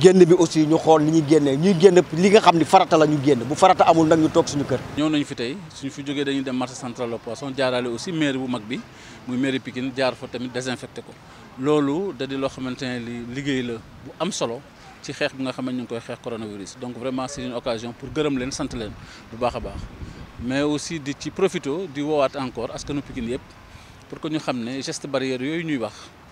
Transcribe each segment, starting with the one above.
génn bi aussi ñu xool li ñuy génné ñuy génn li nga xamni farata la ñu génn bu farata amul nak ñu tok suñu kër. ñëw nañu fi tay suñu fi joggé dañuy dem marché central le poisson jaarale aussi maire bu mag bi muy maire Pikine jaar fa tamit désinfecté ko lolu da di lo xamante li liggéey la bu am solo ci xex bi nga xam ne ñu koy xex coronavirus donc vraiment c'est une occasion pour gërëm leen sant leen bu baax a baax mais aussi di ci profito di wowat encore askanu Pikine yépp pour que ñu xamné geste barrière yoyu ñuy wax.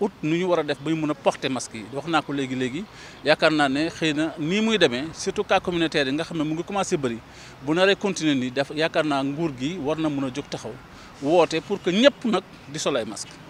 ut nu ñu def bay ñu porter masque yi waxna ko léegi léegi yakarna naa ne xëy na muy demee surtout cas communautaire yi nga xamné mu ngi commencé bari bu na ré continuer ni def yakarna nguur gi warna na mën taxaw woté pour que ñepp nak di sol masque